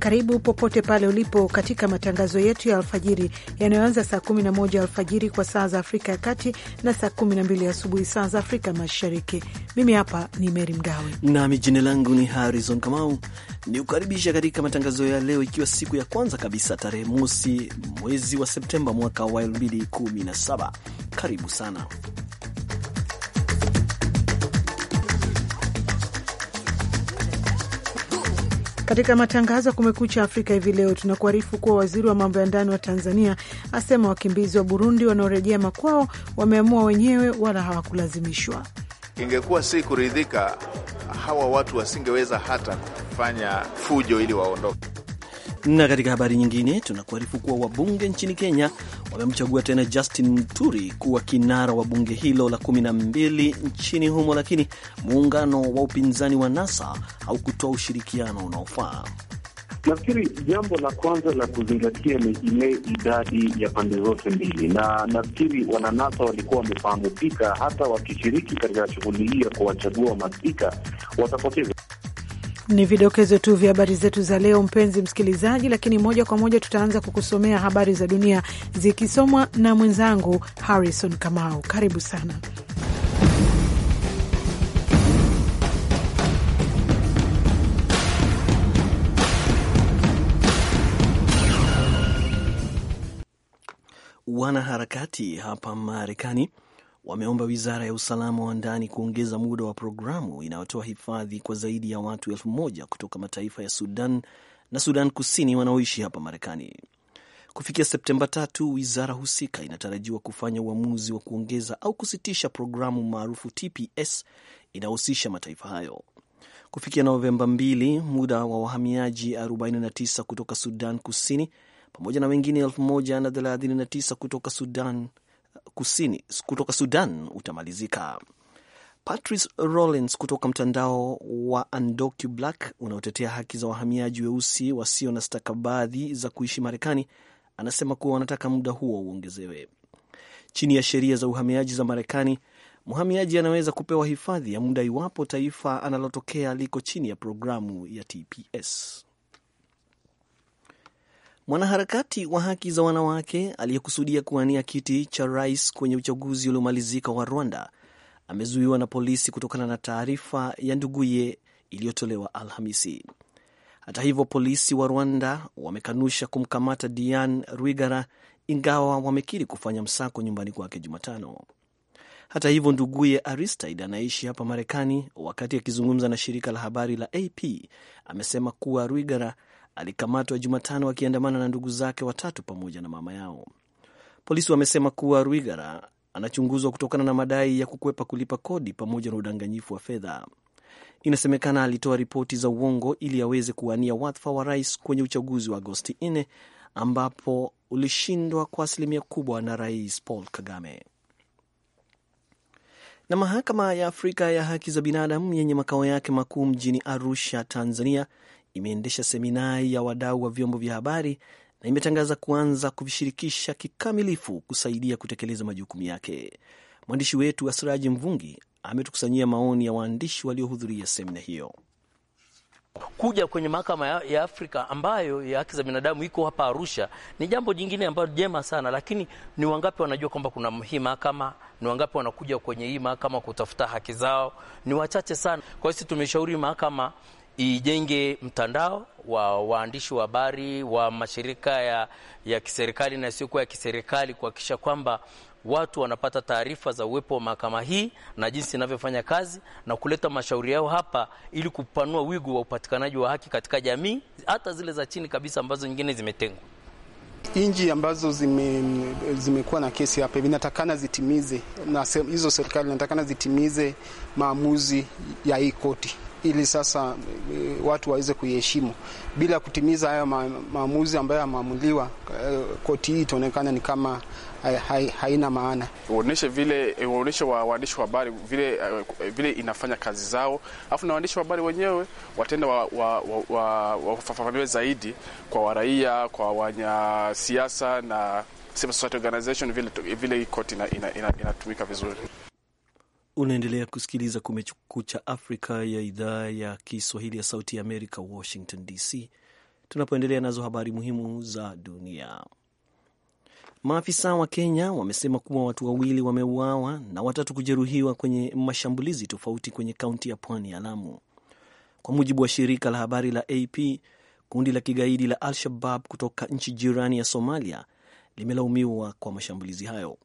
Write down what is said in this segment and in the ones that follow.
Karibu popote pale ulipo katika matangazo yetu ya alfajiri yanayoanza saa 11 alfajiri kwa saa za Afrika ya Kati na saa 12 asubuhi saa za Afrika Mashariki. Mimi hapa ni Meri Mgawe nami jina langu ni Harrison Kamau ni kukaribisha katika matangazo ya leo, ikiwa siku ya kwanza kabisa tarehe mosi mwezi wa Septemba mwaka wa 2017. Karibu sana Katika matangazo ya Kumekucha Afrika hivi leo, tunakuarifu kuwa waziri wa mambo ya ndani wa Tanzania asema wakimbizi wa Burundi wanaorejea makwao wameamua wenyewe, wala hawakulazimishwa. Ingekuwa si kuridhika, hawa watu wasingeweza hata kufanya fujo ili waondoke. Na katika habari nyingine, tunakuarifu kuwa wabunge nchini Kenya wamemchagua tena Justin Turi kuwa kinara wa bunge hilo la 12 nchini humo, lakini muungano wa upinzani wa NASA haukutoa ushirikiano unaofaa. Nafikiri jambo la kwanza la kuzingatia ni ile idadi ya pande zote mbili, na nafikiri wananasa walikuwa wamepangupika, hata wakishiriki katika shughuli hii ya kuwachagua maspika watapoteza. Ni vidokezo tu vya habari zetu za leo, mpenzi msikilizaji, lakini moja kwa moja tutaanza kukusomea habari za dunia zikisomwa na mwenzangu Harrison Kamau. Karibu sana. Wanaharakati hapa Marekani wameomba wizara ya usalama wa ndani kuongeza muda wa programu inayotoa hifadhi kwa zaidi ya watu elfu moja kutoka mataifa ya Sudan na Sudan Kusini wanaoishi hapa Marekani. Kufikia Septemba tatu, wizara husika inatarajiwa kufanya uamuzi wa kuongeza au kusitisha programu maarufu TPS inayohusisha mataifa hayo. Kufikia Novemba mbili, muda wa wahamiaji 49 kutoka Sudan Kusini pamoja na wengine 1039 kutoka Sudan kusini kutoka Sudan utamalizika. Patrice Rollins kutoka mtandao wa Andocu Black unaotetea haki za wahamiaji weusi wasio na stakabadhi za kuishi Marekani anasema kuwa wanataka muda huo uongezewe. Chini ya sheria za uhamiaji za Marekani, mhamiaji anaweza kupewa hifadhi ya muda iwapo taifa analotokea liko chini ya programu ya TPS. Mwanaharakati wa haki za wanawake aliyekusudia kuwania kiti cha rais kwenye uchaguzi uliomalizika wa Rwanda amezuiwa na polisi kutokana na taarifa ya nduguye iliyotolewa Alhamisi. Hata hivyo, polisi wa Rwanda wamekanusha kumkamata Dian Rwigara ingawa wamekiri kufanya msako nyumbani kwake Jumatano. Hata hivyo, nduguye Aristide anaishi hapa Marekani. Wakati akizungumza na shirika la habari la AP, amesema kuwa Rwigara alikamatwa Jumatano akiandamana na ndugu zake watatu pamoja na mama yao. Polisi wamesema kuwa Rwigara anachunguzwa kutokana na madai ya kukwepa kulipa kodi pamoja na udanganyifu wa fedha. Inasemekana alitoa ripoti za uongo ili aweze kuwania wadhifa wa rais kwenye uchaguzi wa Agosti 4 ambapo ulishindwa kwa asilimia kubwa na Rais Paul Kagame. Na mahakama ya Afrika ya haki za binadamu yenye makao yake makuu mjini Arusha, Tanzania, imeendesha seminari ya wadau wa vyombo vya habari na imetangaza kuanza kuvishirikisha kikamilifu kusaidia kutekeleza majukumu yake. Mwandishi wetu asraji Mvungi ametukusanyia maoni ya waandishi waliohudhuria semina hiyo. Kuja kwenye mahakama ya Afrika ambayo ya haki za binadamu iko hapa Arusha ni jambo jingine ambayo jema sana, lakini ni wangapi wanajua kwamba kuna hii mahakama? Ni wangapi wanakuja kwenye hii mahakama kutafuta haki zao? Ni wachache sana. Kwa hiyo sisi tumeshauri mahakama ijenge mtandao wa waandishi wa habari wa mashirika ya, ya kiserikali na isiyokuwa ya kiserikali kuhakikisha kwamba watu wanapata taarifa za uwepo wa mahakama hii na jinsi inavyofanya kazi na kuleta mashauri yao hapa ili kupanua wigo wa upatikanaji wa haki katika jamii hata zile za chini kabisa ambazo nyingine zimetengwa. Nchi ambazo zime, zimekuwa na kesi hapa vinatakana zitimize na hizo serikali inatakana zitimize maamuzi ya hii koti ili sasa eh, watu waweze kuiheshimu. Bila kutimiza hayo maamuzi ambayo yameamuliwa, eh, koti hii itaonekana ni kama haina maana. Uoneshe vile eh, uoneshe wa waandishi wa habari vile, vile inafanya kazi zao, alafu na waandishi wa habari wenyewe watenda wafafamiwe wa, wa, wa zaidi kwa waraia, kwa wanyasiasa na civil society organization vile, vile koti inatumika ina, ina, ina vizuri. Unaendelea kusikiliza Kumekucha Afrika ya idhaa ya Kiswahili ya Sauti ya Amerika, Washington DC, tunapoendelea nazo habari muhimu za dunia. Maafisa wa Kenya wamesema kuwa watu wawili wameuawa na watatu kujeruhiwa kwenye mashambulizi tofauti kwenye kaunti ya pwani ya Lamu. Kwa mujibu wa shirika la habari la AP, kundi la kigaidi la Al-Shabab kutoka nchi jirani ya Somalia limelaumiwa kwa mashambulizi hayo.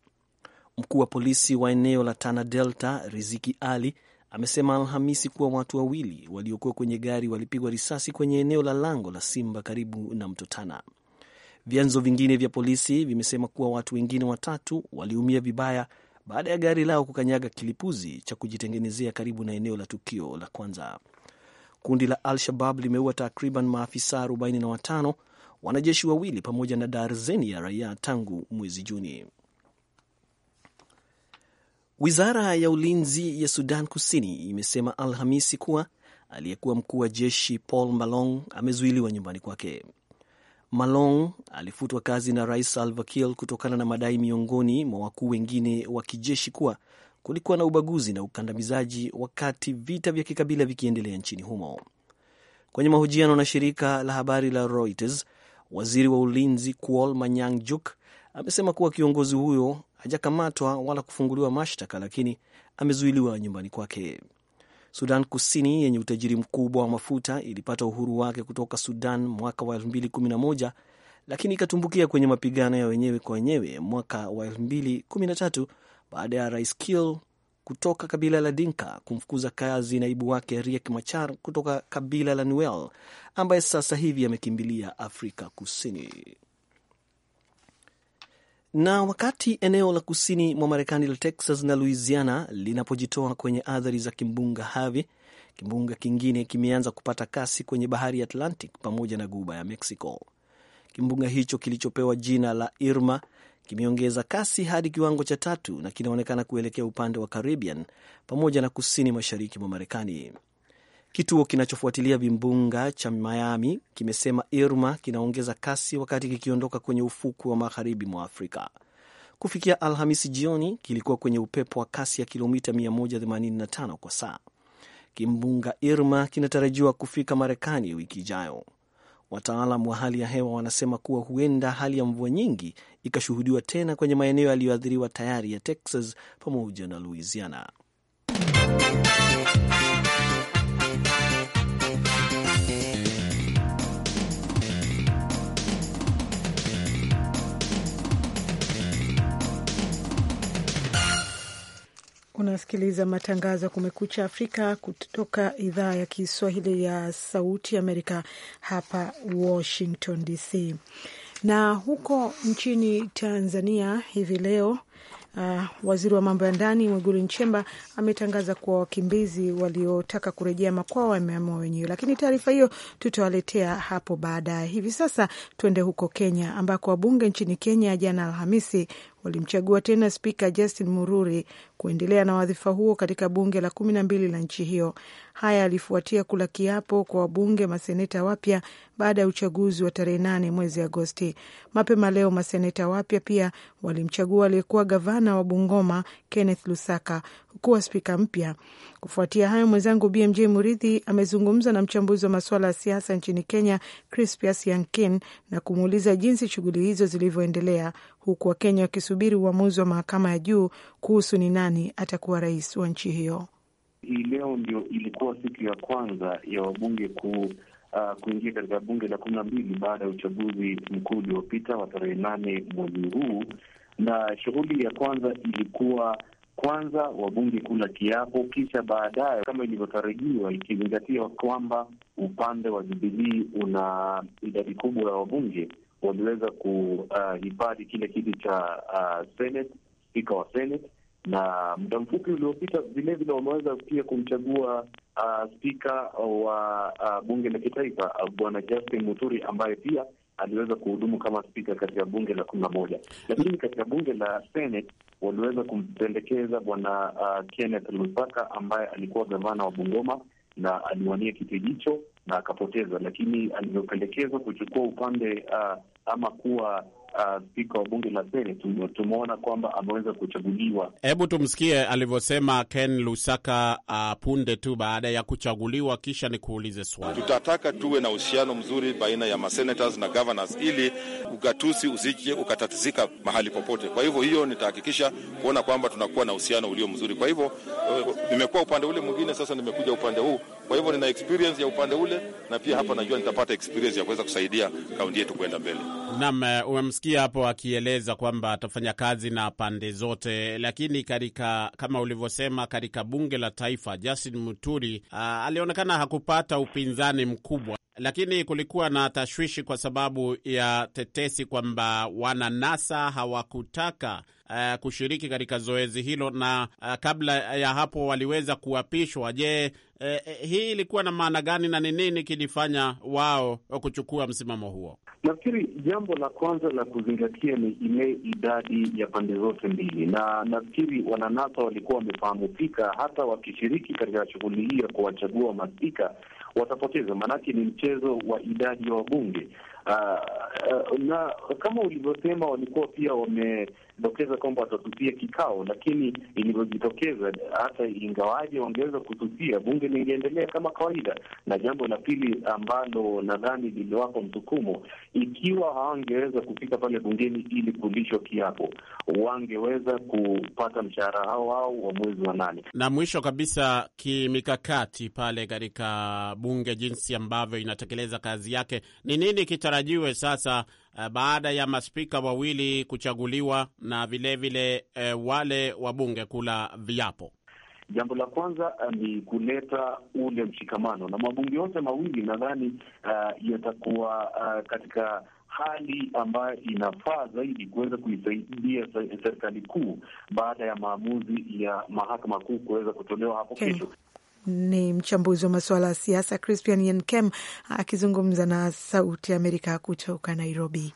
Mkuu wa polisi wa eneo la Tana Delta, Riziki Ali, amesema Alhamisi kuwa watu wawili waliokuwa kwenye gari walipigwa risasi kwenye eneo la lango la Simba karibu na mto Tana. Vyanzo vingine vya polisi vimesema kuwa watu wengine watatu waliumia vibaya baada ya gari lao kukanyaga kilipuzi cha kujitengenezea karibu na eneo la tukio la kwanza. Kundi la Al-Shabab limeua takriban maafisa 45 wanajeshi wawili pamoja na darzeni ya raia tangu mwezi Juni. Wizara ya ulinzi ya Sudan Kusini imesema Alhamisi kuwa aliyekuwa mkuu wa jeshi Paul Malong amezuiliwa nyumbani kwake. Malong alifutwa kazi na Rais Salva Kiir kutokana na madai miongoni mwa wakuu wengine wa kijeshi kuwa kulikuwa na ubaguzi na ukandamizaji wakati vita vya kikabila vikiendelea nchini humo. Kwenye mahojiano na shirika la habari la Reuters, waziri wa ulinzi Kuol Manyang Juk amesema kuwa kiongozi huyo hajakamatwa wala kufunguliwa mashtaka, lakini amezuiliwa nyumbani kwake. Sudan Kusini yenye utajiri mkubwa wa mafuta ilipata uhuru wake kutoka Sudan mwaka wa 2011 lakini ikatumbukia kwenye mapigano ya wenyewe kwa wenyewe mwaka wa 2013 baada ya rais Kiir kutoka kabila la Dinka kumfukuza kazi naibu wake Riek Machar kutoka kabila la Nuer ambaye sasa hivi amekimbilia Afrika Kusini. Na wakati eneo la kusini mwa Marekani la Texas na Louisiana linapojitoa kwenye athari za kimbunga Harvey, kimbunga kingine kimeanza kupata kasi kwenye bahari ya Atlantic pamoja na guba ya Mexico. Kimbunga hicho kilichopewa jina la Irma kimeongeza kasi hadi kiwango cha tatu na kinaonekana kuelekea upande wa Caribbean pamoja na kusini mashariki mwa Marekani. Kituo kinachofuatilia vimbunga cha Miami kimesema Irma kinaongeza kasi wakati kikiondoka kwenye ufukwe wa magharibi mwa Afrika. Kufikia Alhamisi jioni, kilikuwa kwenye upepo wa kasi ya kilomita 185 kwa saa. Kimbunga Irma kinatarajiwa kufika Marekani wiki ijayo. Wataalam wa hali ya hewa wanasema kuwa huenda hali ya mvua nyingi ikashuhudiwa tena kwenye maeneo yaliyoathiriwa tayari ya Texas pamoja na Louisiana. Unasikiliza matangazo ya Kumekucha Afrika kutoka idhaa ya Kiswahili ya Sauti Amerika hapa Washington DC. Na huko nchini Tanzania hivi leo Uh, waziri wa mambo ya ndani Mwigulu Nchemba ametangaza kuwa wakimbizi waliotaka kurejea makwao wameamua wenyewe, lakini taarifa hiyo tutawaletea hapo baadaye. Hivi sasa tuende huko Kenya, ambako wabunge nchini Kenya jana Alhamisi walimchagua tena spika Justin Mururi kuendelea na wadhifa huo katika bunge la kumi na mbili la nchi hiyo. Haya alifuatia kula kiapo kwa wabunge maseneta wapya baada ya uchaguzi wa tarehe nane mwezi Agosti. Mapema leo maseneta wapya pia walimchagua aliyekuwa gavana wa Bungoma Kenneth Lusaka kuwa spika mpya. Kufuatia hayo, mwenzangu BMJ Muridhi amezungumza na mchambuzi wa masuala ya siasa nchini Kenya, Crispius Yankin, na kumuuliza jinsi shughuli hizo zilivyoendelea huku Wakenya wakisubiri uamuzi wa mahakama ya juu kuhusu ni nani atakuwa rais wa nchi hiyo. Hii leo ndio ilikuwa siku ya kwanza ya wabunge ku Uh, kuingia katika bunge la kumi na mbili baada ya uchaguzi mkuu uliopita wa tarehe nane mwezi huu, na shughuli ya kwanza ilikuwa kwanza wabunge kula kiapo, kisha baadaye, kama ilivyotarajiwa, ikizingatiwa kwamba upande wa Jubilii una idadi kubwa ya wabunge, waliweza kuhifadhi uh, kile kiti cha uh, Senate, spika wa Senate, na muda mfupi uliopita vilevile wameweza pia kumchagua uh, spika wa uh, bunge la kitaifa uh, bwana Justin Muturi ambaye pia aliweza kuhudumu kama spika katika bunge la kumi na moja, lakini katika bunge la Senate waliweza kumpendekeza bwana uh, Kenneth Lusaka ambaye alikuwa gavana wa Bungoma na aliwania kiti hicho na akapoteza, lakini alivyopendekezwa kuchukua upande uh, ama kuwa Uh, spika uh, wa bunge la Seneti, tumeona kwamba ameweza kuchaguliwa. Hebu tumsikie alivyosema Ken Lusaka uh, punde tu baada ya kuchaguliwa. Kisha nikuulize swali. Tutataka tuwe na uhusiano mzuri baina ya masenators na governors ili ugatusi usije ukatatizika mahali popote. Kwa hivyo hiyo nitahakikisha kuona kwamba tunakuwa na uhusiano ulio mzuri. Kwa hivyo uh, nimekuwa upande ule mwingine, sasa nimekuja upande huu kwa hivyo nina experience ya upande ule na pia hapa najua nitapata experience ya kuweza kusaidia kaunti yetu kwenda mbele. Naam, eh, umemsikia hapo akieleza kwamba atafanya kazi na pande zote, lakini katika kama ulivyosema, katika bunge la taifa Justin Muturi ah, alionekana hakupata upinzani mkubwa. Lakini kulikuwa na tashwishi kwa sababu ya tetesi kwamba wananasa hawakutaka uh, kushiriki katika zoezi hilo, na uh, kabla ya hapo waliweza kuapishwa. Je, uh, hii ilikuwa na maana gani na ni nini kilifanya wao kuchukua msimamo huo? Nafikiri jambo la kwanza la kuzingatia ni ile idadi ya pande zote mbili, na nafikiri wananasa walikuwa wamefahamu fika, hata wakishiriki katika shughuli hii ya kuwachagua maspika watapoteza, maanake ni mchezo wa idadi ya wabunge. Uh, uh, na kama ulivyosema walikuwa pia wamedokeza kwamba watasusia kikao, lakini ilivyojitokeza, hata ingawaje wangeweza kususia, bunge lingeendelea kama kawaida. Na jambo la pili ambalo nadhani liliwapa msukumo, ikiwa hawangeweza kufika pale bungeni ili kulishwa kiapo, wangeweza kupata mshahara hao au wa mwezi wa nane. Na mwisho kabisa, kimikakati pale katika bunge, jinsi ambavyo inatekeleza kazi yake, ni nini kitara yatarajiwe sasa uh, baada ya maspika wawili kuchaguliwa na vilevile vile, uh, wale wabunge kula viapo? Jambo la kwanza eh, ni kuleta ule mshikamano na mabunge yote mawili, nadhani uh, yatakuwa uh, katika hali ambayo inafaa zaidi kuweza kuisaidia serikali kuu baada ya maamuzi ya mahakama kuu kuweza kutolewa hapo kesho. Okay ni mchambuzi wa masuala ya siasa Crispian Yenkem akizungumza na Sauti Amerika kutoka Nairobi.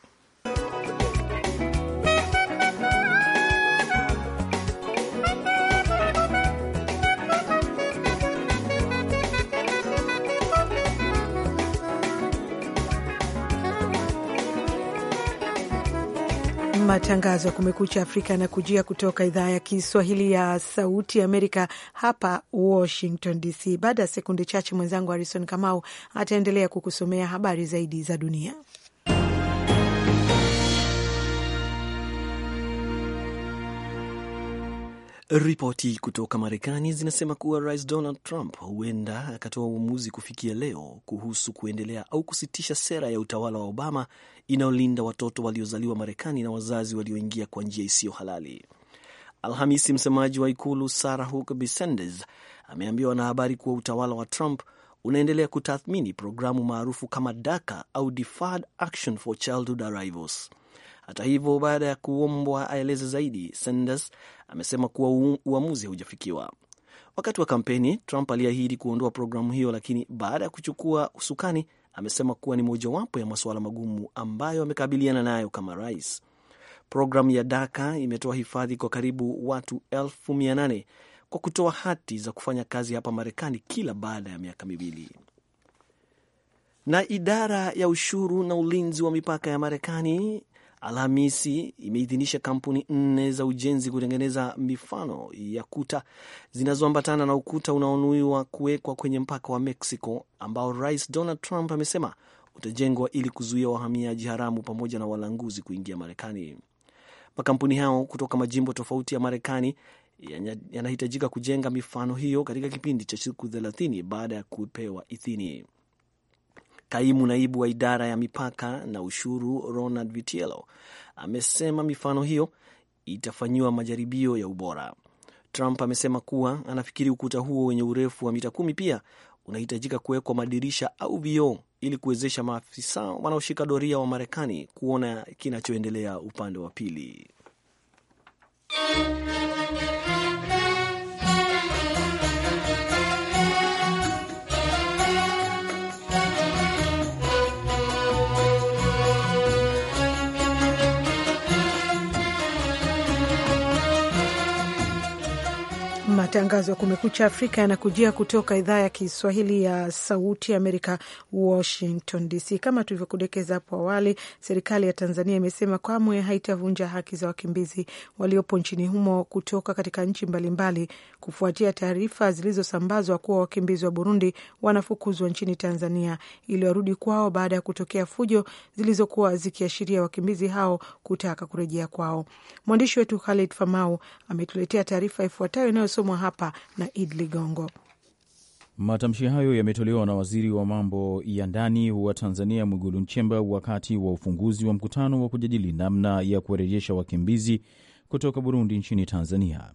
Matangazo ya Kumekucha Afrika yanakujia kutoka idhaa ya Kiswahili ya Sauti ya Amerika, hapa Washington DC. Baada ya sekunde chache, mwenzangu Harrison Kamau ataendelea kukusomea habari zaidi za dunia. Ripoti kutoka Marekani zinasema kuwa Rais Donald Trump huenda akatoa uamuzi kufikia leo kuhusu kuendelea au kusitisha sera ya utawala wa Obama inayolinda watoto waliozaliwa Marekani na wazazi walioingia kwa njia isiyo halali. Alhamisi, msemaji wa ikulu Sarah Huckabee Sanders ameambia wanahabari kuwa utawala wa Trump unaendelea kutathmini programu maarufu kama DACA au Deferred Action for Childhood Arrivals. Hata hivyo, baada ya kuombwa aeleze zaidi, Sanders amesema kuwa uamuzi haujafikiwa. Wakati wa kampeni, Trump aliahidi kuondoa programu hiyo, lakini baada ya kuchukua usukani amesema kuwa ni mojawapo ya masuala magumu ambayo amekabiliana nayo kama rais. Programu ya DACA imetoa hifadhi kwa karibu watu elfu mia nane kwa kutoa hati za kufanya kazi hapa Marekani kila baada ya miaka miwili. Na idara ya ushuru na ulinzi wa mipaka ya Marekani Alhamisi imeidhinisha kampuni nne za ujenzi kutengeneza mifano ya kuta zinazoambatana na ukuta unaonuiwa kuwekwa kwenye mpaka wa Mexico ambao Rais Donald Trump amesema utajengwa ili kuzuia wahamiaji haramu pamoja na walanguzi kuingia Marekani. Makampuni hao kutoka majimbo tofauti ya Marekani yanahitajika kujenga mifano hiyo katika kipindi cha siku thelathini baada ya kupewa idhini. Kaimu naibu wa idara ya mipaka na ushuru Ronald Vitiello amesema mifano hiyo itafanyiwa majaribio ya ubora. Trump amesema kuwa anafikiri ukuta huo wenye urefu wa mita kumi pia unahitajika kuwekwa madirisha au vioo ili kuwezesha maafisa wanaoshika doria wa Marekani kuona kinachoendelea upande wa pili. Matangazo ya Kumekucha Afrika yanakujia kutoka idhaa ya Kiswahili ya Sauti Amerika, Washington DC. Kama tulivyokudekeza hapo awali, serikali ya Tanzania imesema kamwe haitavunja haki za wakimbizi waliopo nchini humo kutoka katika nchi mbalimbali, kufuatia taarifa zilizosambazwa kuwa wakimbizi wa Burundi wanafukuzwa nchini Tanzania ili warudi kwao baada ya kutokea fujo zilizokuwa zikiashiria wakimbizi hao kutaka kurejea kwao. Mwandishi wetu Khalid Famau ametuletea taarifa ifuatayo inayosomwa hapa na Id Ligongo. Matamshi hayo yametolewa na waziri wa mambo ya ndani wa Tanzania Mwigulu Nchemba wakati wa ufunguzi wa mkutano wa kujadili namna ya kuwarejesha wakimbizi kutoka Burundi nchini Tanzania.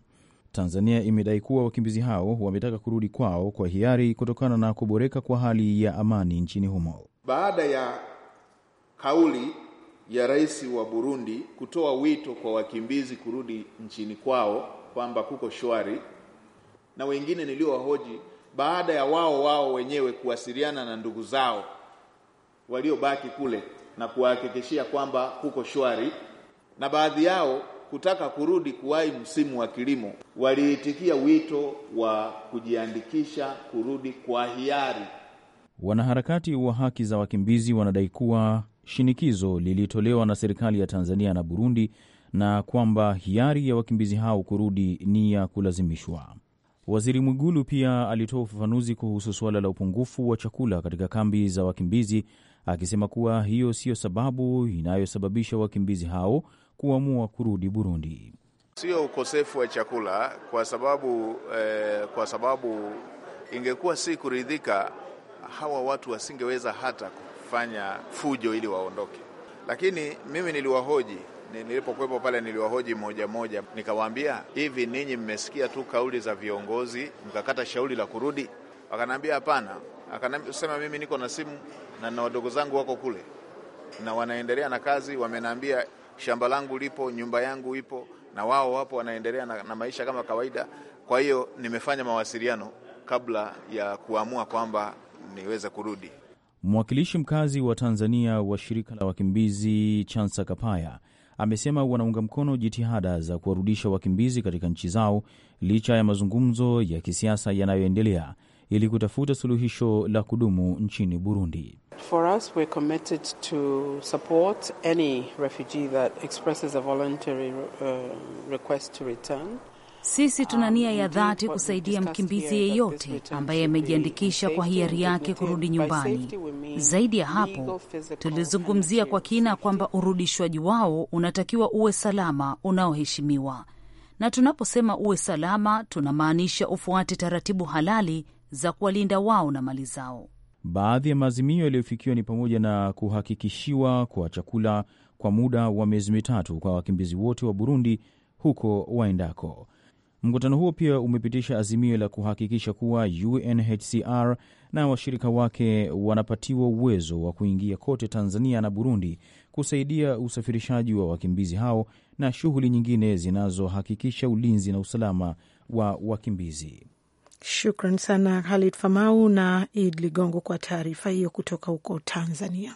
Tanzania imedai kuwa wakimbizi hao wametaka kurudi kwao kwa hiari kutokana na kuboreka kwa hali ya amani nchini humo. Baada ya kauli ya rais wa Burundi kutoa wito kwa wakimbizi kurudi nchini kwao kwamba kuko shwari na wengine niliowahoji baada ya wao wao wenyewe kuwasiliana na ndugu zao waliobaki kule na kuhakikishia kwamba kuko shwari, na baadhi yao kutaka kurudi kuwahi msimu wa kilimo, waliitikia wito wa kujiandikisha kurudi kwa hiari. Wanaharakati wa haki za wakimbizi wanadai kuwa shinikizo lilitolewa na serikali ya Tanzania na Burundi na kwamba hiari ya wakimbizi hao kurudi ni ya kulazimishwa. Waziri Mwigulu pia alitoa ufafanuzi kuhusu suala la upungufu wa chakula katika kambi za wakimbizi, akisema kuwa hiyo siyo sababu inayosababisha wakimbizi hao kuamua kurudi Burundi. Sio ukosefu wa chakula kwa sababu, eh, kwa sababu ingekuwa si kuridhika, hawa watu wasingeweza hata kufanya fujo ili waondoke. Lakini mimi niliwahoji nilipokuwepo pale niliwahoji moja moja, nikawaambia hivi, ninyi mmesikia tu kauli za viongozi mkakata shauri la kurudi? wakanaambia hapana. Akasema mimi niko na simu na na wadogo zangu wako kule na wanaendelea na kazi, wamenaambia shamba langu lipo, nyumba yangu ipo, na wao wapo wanaendelea na, na maisha kama kawaida. Kwa hiyo nimefanya mawasiliano kabla ya kuamua kwamba niweze kurudi. Mwakilishi mkazi wa Tanzania wa shirika la wakimbizi Chansa Kapaya amesema wanaunga mkono jitihada za kuwarudisha wakimbizi katika nchi zao licha ya mazungumzo ya kisiasa yanayoendelea ili kutafuta suluhisho la kudumu nchini Burundi. For us, we're committed to support any refugee that expresses a voluntary uh, request to return. Sisi tuna nia ya dhati kusaidia mkimbizi yeyote ambaye amejiandikisha kwa hiari yake kurudi nyumbani. Zaidi ya hapo, tulizungumzia kwa kina kwamba urudishwaji wao unatakiwa uwe salama, unaoheshimiwa. Na tunaposema uwe salama, tunamaanisha ufuate taratibu halali za kuwalinda wao na mali zao. Baadhi ya maazimio yaliyofikiwa ni pamoja na kuhakikishiwa kwa chakula kwa muda wa miezi mitatu kwa wakimbizi wote wa Burundi huko waendako Mkutano huo pia umepitisha azimio la kuhakikisha kuwa UNHCR na washirika wake wanapatiwa uwezo wa kuingia kote Tanzania na Burundi kusaidia usafirishaji wa wakimbizi hao na shughuli nyingine zinazohakikisha ulinzi na usalama wa wakimbizi. Shukran sana Khalid Famau na Id Ligongo kwa taarifa hiyo kutoka huko Tanzania.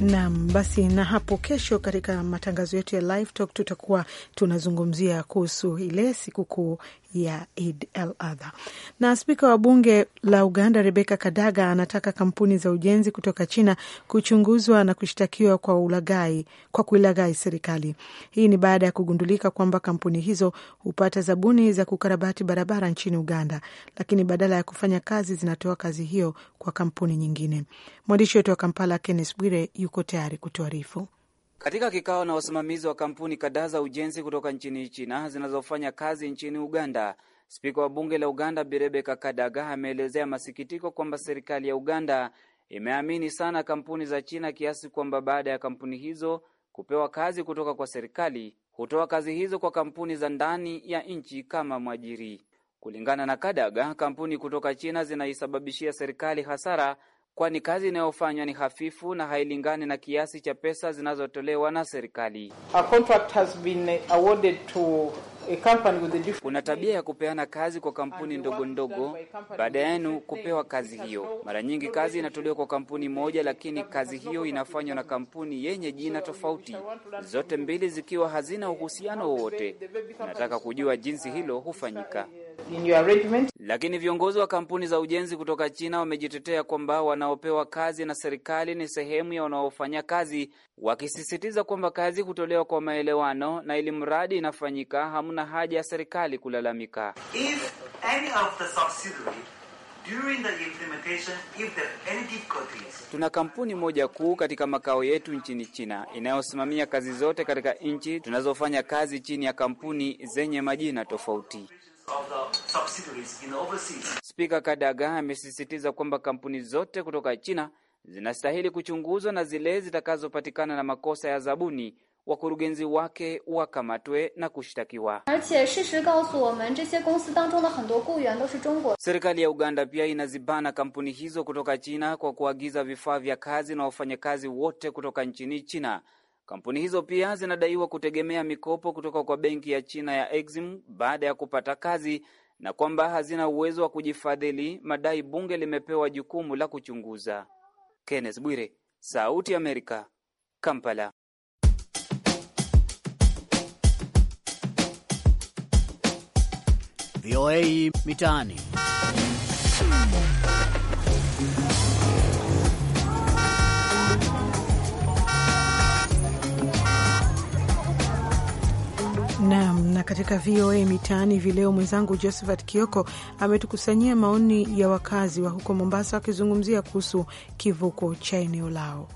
Nam basi, na hapo kesho katika matangazo yetu ya Live Talk tutakuwa tunazungumzia kuhusu ile sikukuu ya Eid al Adha. Na spika wa bunge la Uganda Rebeka Kadaga anataka kampuni za ujenzi kutoka China kuchunguzwa na kushtakiwa kwa ulagai, kwa kuilagai serikali. Hii ni baada ya kugundulika kwamba kampuni hizo hupata zabuni za kukarabati barabara nchini Uganda, lakini badala ya kufanya kazi zinatoa kazi hiyo kwa kampuni nyingine. Mwandishi wetu wa Kampala Kenneth Bwire yuko tayari kutuarifu. Katika kikao na wasimamizi wa kampuni kadhaa za ujenzi kutoka nchini China zinazofanya kazi nchini Uganda, spika wa bunge la Uganda birebeka Kadaga ameelezea masikitiko kwamba serikali ya Uganda imeamini sana kampuni za China kiasi kwamba baada ya kampuni hizo kupewa kazi kutoka kwa serikali hutoa kazi hizo kwa kampuni za ndani ya nchi kama mwajiri. Kulingana na Kadaga, kampuni kutoka China zinaisababishia serikali hasara kwani kazi inayofanywa ni hafifu na hailingani na kiasi cha pesa zinazotolewa na serikali. Kuna tabia ya kupeana kazi kwa kampuni ndogo ndogo, baada yenu kupewa kazi hiyo. Mara nyingi kazi inatolewa kwa kampuni moja, lakini kazi hiyo inafanywa na kampuni yenye jina tofauti, zote mbili zikiwa hazina uhusiano wowote. Nataka kujua jinsi hilo hufanyika in your arrangement. Lakini viongozi wa kampuni za ujenzi kutoka China wamejitetea kwamba wanaopewa kazi na serikali ni sehemu ya wanaofanya kazi, wakisisitiza kwamba kazi hutolewa kwa maelewano na ili mradi inafanyika, hamna haja ya serikali kulalamika. If any of the During the implementation, if there are any difficulties. Tuna kampuni moja kuu katika makao yetu nchini China inayosimamia kazi zote katika nchi tunazofanya kazi chini ya kampuni zenye majina tofauti. Spika Kadaga amesisitiza kwamba kampuni zote kutoka China zinastahili kuchunguzwa na zile zitakazopatikana na makosa ya zabuni wakurugenzi wake wakamatwe na kushtakiwa. Serikali ya Uganda pia inazibana kampuni hizo kutoka China kwa kuagiza vifaa vya kazi na wafanyakazi wote kutoka nchini China Kampuni hizo pia zinadaiwa kutegemea mikopo kutoka kwa benki ya China ya Exim baada ya kupata kazi na kwamba hazina uwezo wa kujifadhili, madai bunge limepewa jukumu la kuchunguza. Kenneth Bwire, Sauti ya Amerika, Kampala. VOA Mitaani. na katika VOA Mitaani vileo mwenzangu Josephat Kioko ametukusanyia maoni ya wakazi wa huko Mombasa wakizungumzia kuhusu kivuko cha eneo lao.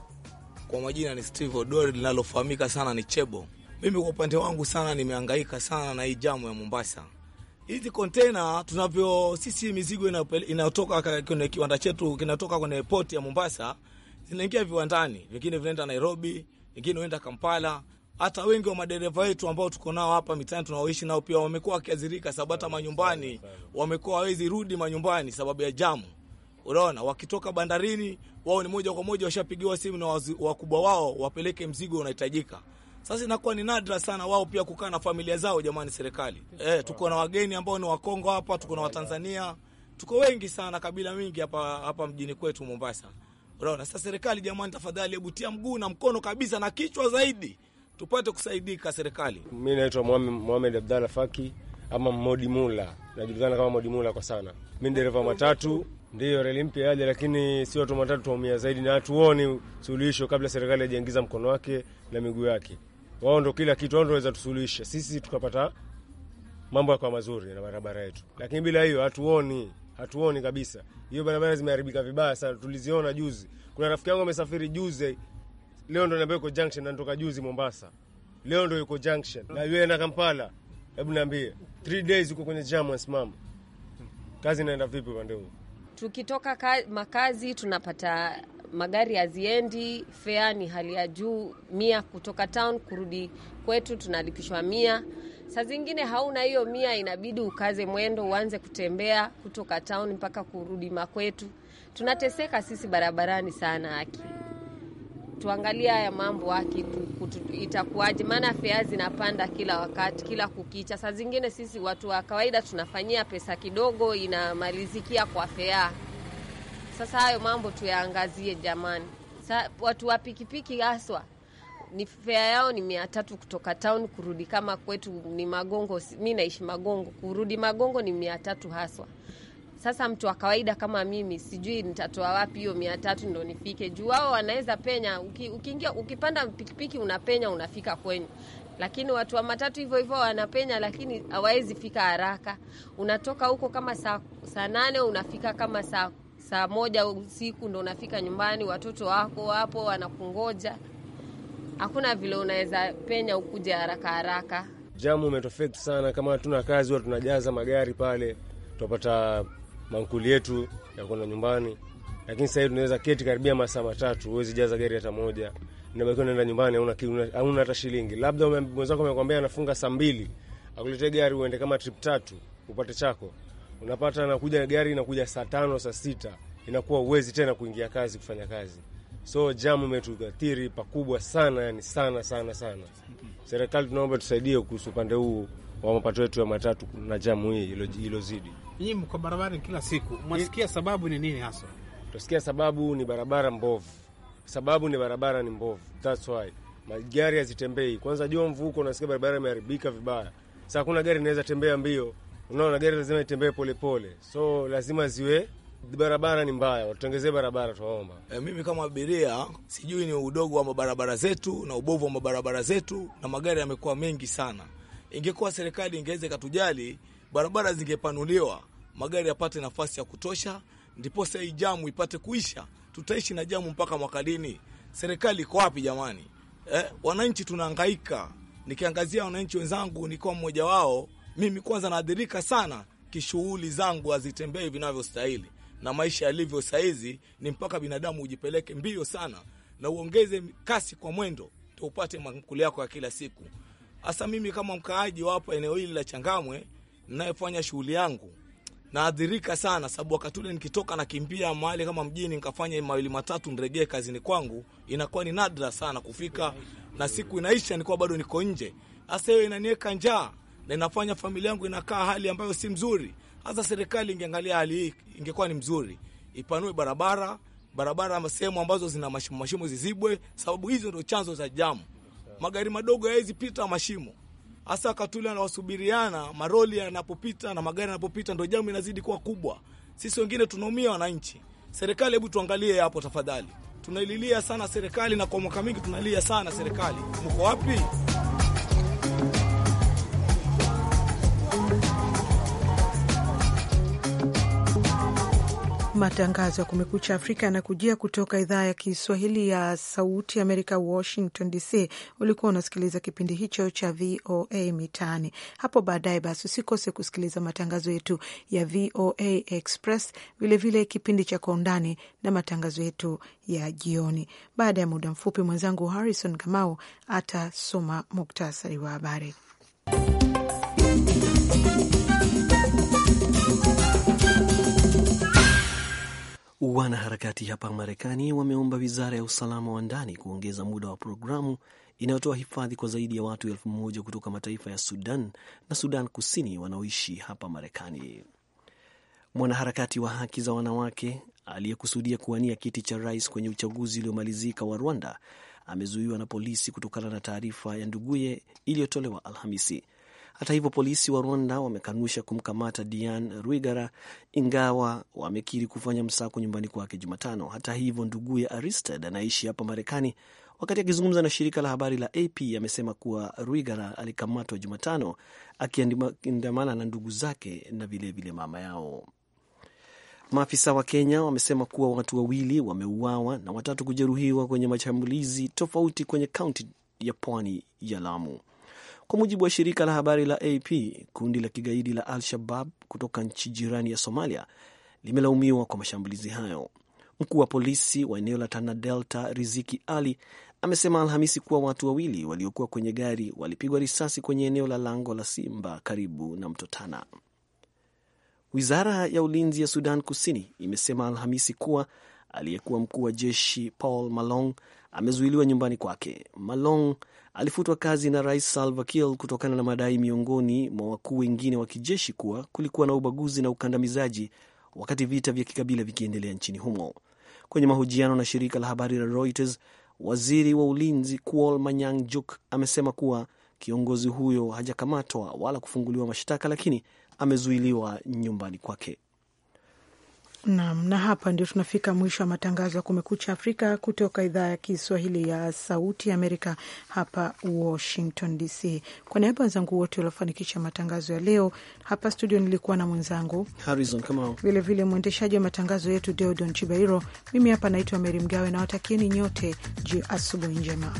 Kwa majina ni Steve Odori, linalofahamika sana ni Chebo. Mimi kwa upande wangu sana nimehangaika sana na hii jamu ya Mombasa. Hizi kontena tunavyo sisi, mizigo inayotoka kwenye kiwanda chetu kinatoka kwenye poti ya Mombasa, zinaingia viwandani, vingine vinaenda Nairobi, vingine huenda Kampala hata wengi wa madereva wetu ambao tuko nao hapa mitaani tunaoishi nao pia wamekuwa wakiadhirika, sababu hata manyumbani wamekuwa hawezi rudi manyumbani sababu ya jamu. Unaona, wakitoka bandarini wao ni moja kwa moja washapigiwa simu na wakubwa wao wapeleke mzigo unahitajika. Sasa inakuwa ni nadra sana wao pia kukaa na familia zao. Jamani serikali, eh, tuko na wageni ambao ni Wakongo hapa, tuko na Watanzania, tuko wengi sana, kabila mingi hapa hapa mjini kwetu Mombasa. Unaona, sasa serikali, jamani, tafadhali, hebu tia mguu na mkono kabisa na kichwa zaidi tupate kusaidika serikali. Mi naitwa Mohamed Abdalla Faki ama Modi Mula, najulikana kama Modi Mula kwa sana. Mi ni dereva matatu, ndiyo reli mpya yaja, lakini si watu matatu twaumia zaidi, na hatuoni suluhisho kabla serikali hajaingiza mkono wake na miguu yake. Wao ndo kila kitu, wao ndo waweza tusuluhisha sisi tukapata mambo yakawa mazuri na barabara yetu, lakini bila hiyo hatuoni hatuoni kabisa. Hiyo barabara zimeharibika vibaya sana, tuliziona juzi. Kuna rafiki yangu amesafiri juzi leo ndo niambia yuko junction na natoka juzi Mombasa, leo ndo yuko junction na yeye na Kampala. Hebu niambie, 3 days uko kwenye jam wasimama, kazi inaenda vipi upande huo? Tukitoka ka, makazi tunapata magari haziendi, fea ni hali ya juu mia kutoka town kurudi kwetu tunalipishwa mia. Saa zingine hauna hiyo mia, inabidi ukaze mwendo uanze kutembea kutoka town mpaka kurudi makwetu. Tunateseka sisi barabarani sana, aki tuangalia haya mambo haki itakuwaje, maana fea zinapanda kila wakati, kila kukicha. Saa zingine sisi watu wa kawaida tunafanyia pesa kidogo, inamalizikia kwa fea. Sasa hayo mambo tuyaangazie jamani. Sa, watu wa pikipiki haswa ni fea yao ni mia tatu kutoka town kurudi, kama kwetu ni Magongo, mi naishi Magongo, kurudi Magongo ni mia tatu haswa sasa mtu wa kawaida kama mimi sijui nitatoa wapi hiyo mia tatu ndo nifike juu. Wao wanaweza penya, ukiingia uki ukipanda pikipiki unapenya unafika kwenyu, lakini watu wa matatu hivyo hivyo wanapenya, lakini hawawezi fika haraka. Unatoka huko kama saa, saa nane unafika kama saa, saa moja usiku ndo unafika nyumbani, watoto wako wapo wanakungoja. Hakuna vile unaweza penya ukuja haraka haraka. Jamu umetofekt sana, kama hatuna kazi huwa tunajaza magari pale, tunapata mankuli yetu ya kwenda nyumbani, lakini sasa hivi tunaweza keti karibia masaa matatu, huwezi jaza gari hata moja, nabakiwa naenda nyumbani, hauna hata shilingi. Labda mwenzako amekwambia anafunga saa mbili, akulete gari uende kama trip tatu upate chako, unapata nakuja gari inakuja saa tano saa sita, inakuwa uwezi tena kuingia kazi kufanya kazi. So jamu imetuathiri pakubwa sana, yani sana sana sana. Mhm. Serikali tunaomba tusaidie kuhusu upande huu wa mapato yetu ya matatu na jamu hii ilozidi. Nyinyi mko barabara kila siku, mwasikia sababu ni nini hasa? Tusikia sababu ni barabara mbovu, sababu ni barabara ni mbovu, that's why magari hazitembei. Kwanza jua mvuko, unasikia barabara imeharibika vibaya, sa kuna gari inaweza tembea mbio, unaona gari lazima itembee polepole, so lazima ziwe barabara ni mbaya, watutengezee barabara tuwaomba. E, eh, mimi kama abiria sijui ni udogo wa mabarabara zetu na ubovu wa mabarabara zetu, na magari yamekuwa mengi sana. Ingekuwa serikali ingeweza ikatujali, barabara zingepanuliwa, magari yapate nafasi ya kutosha, ndipo sasa hii jamu ipate kuisha. Tutaishi na jamu mpaka mwaka lini? Serikali iko wapi jamani? Eh, wananchi tunahangaika. Nikiangazia wananchi wenzangu, nikiwa mmoja wao, mimi kwanza naadhirika sana kishughuli zangu hazitembei vinavyostahili, na maisha yalivyo sahizi, ni mpaka binadamu ujipeleke mbio sana na uongeze kasi kwa mwendo, ndio upate makuli yako ya kila siku. Hasa mimi kama mkaaji wa hapa eneo hili la Changamwe ninayefanya shughuli yangu naadhirika sana, sababu wakati ule nikitoka nakimbia mahali kama mjini nikafanya mawili matatu nirejee kazini kwangu, inakuwa ni nadra sana kufika, na siku inaisha nilikuwa bado niko nje. Hasa hiyo inaniweka njaa na inafanya familia yangu inakaa hali ambayo si mzuri. Hasa serikali ingeangalia hali hii, ingekuwa ni mzuri, ipanue barabara barabara, sehemu ambazo zina mashimo mashimo zizibwe, sababu hizo ndio chanzo za jamu magari madogo hayawezi pita mashimo. Hasa wakati ule anawasubiriana maroli yanapopita na magari yanapopita, ndo jamu inazidi kuwa kubwa. Sisi wengine tunaumia, wananchi. Serikali, hebu tuangalie hapo tafadhali. Tunaililia sana serikali, na kwa mwaka mingi tunalia sana serikali. Mko wapi? Matangazo ya Kumekucha Afrika yanakujia kutoka idhaa ya Kiswahili ya Sauti Amerika, Washington DC. Ulikuwa unasikiliza kipindi hicho cha VOA Mitaani. Hapo baadaye, basi usikose kusikiliza matangazo yetu ya VOA Express, vilevile kipindi cha Kwa Undani na matangazo yetu ya jioni. Baada ya muda mfupi, mwenzangu Harrison Kamau atasoma muktasari wa habari. Wanaharakati hapa Marekani wameomba wizara ya usalama wa ndani kuongeza muda wa programu inayotoa hifadhi kwa zaidi ya watu elfu moja kutoka mataifa ya Sudan na Sudan Kusini wanaoishi hapa Marekani. Mwanaharakati wa haki za wanawake aliyekusudia kuwania kiti cha rais kwenye uchaguzi uliomalizika wa Rwanda amezuiwa na polisi kutokana na taarifa ya nduguye iliyotolewa Alhamisi. Hata hivyo, polisi wa Rwanda wamekanusha kumkamata Dian Rwigara ingawa wamekiri kufanya msako nyumbani kwake Jumatano. Hata hivyo, nduguye Aristide anaishi hapa Marekani. Wakati akizungumza na shirika la habari la AP amesema kuwa Rwigara alikamatwa Jumatano akiandamana na ndugu zake na vilevile vile mama yao. Maafisa wa Kenya wamesema kuwa watu wawili wameuawa na watatu kujeruhiwa kwenye mashambulizi tofauti kwenye kaunti ya pwani ya Lamu. Kwa mujibu wa shirika la habari la AP, kundi la kigaidi la Al-Shabab kutoka nchi jirani ya Somalia limelaumiwa kwa mashambulizi hayo. Mkuu wa polisi wa eneo la Tana Delta, Riziki Ali, amesema Alhamisi kuwa watu wawili waliokuwa kwenye gari walipigwa risasi kwenye eneo la lango la Simba karibu na mto Tana. Wizara ya ulinzi ya Sudan Kusini imesema Alhamisi kuwa aliyekuwa mkuu wa jeshi Paul Malong amezuiliwa nyumbani kwake. Malong alifutwa kazi na Rais Salva Kiir kutokana na madai miongoni mwa wakuu wengine wa kijeshi kuwa kulikuwa na ubaguzi na ukandamizaji wakati vita vya kikabila vikiendelea nchini humo. Kwenye mahojiano na shirika la habari la Reuters, waziri wa ulinzi Kuol Manyang Juk amesema kuwa kiongozi huyo hajakamatwa wala kufunguliwa mashtaka, lakini amezuiliwa nyumbani kwake. Naam, na hapa ndio tunafika mwisho wa matangazo ya Kumekucha Afrika kutoka idhaa ya Kiswahili ya Sauti ya Amerika hapa Washington DC. Kwa niaba wenzangu wote waliofanikisha matangazo ya leo hapa studio, nilikuwa na mwenzangu Harrison Kamau, vilevile mwendeshaji wa matangazo yetu Deodon Chibairo. Mimi hapa naitwa Meri Mgawe, nawatakieni nyote asubuhi njema.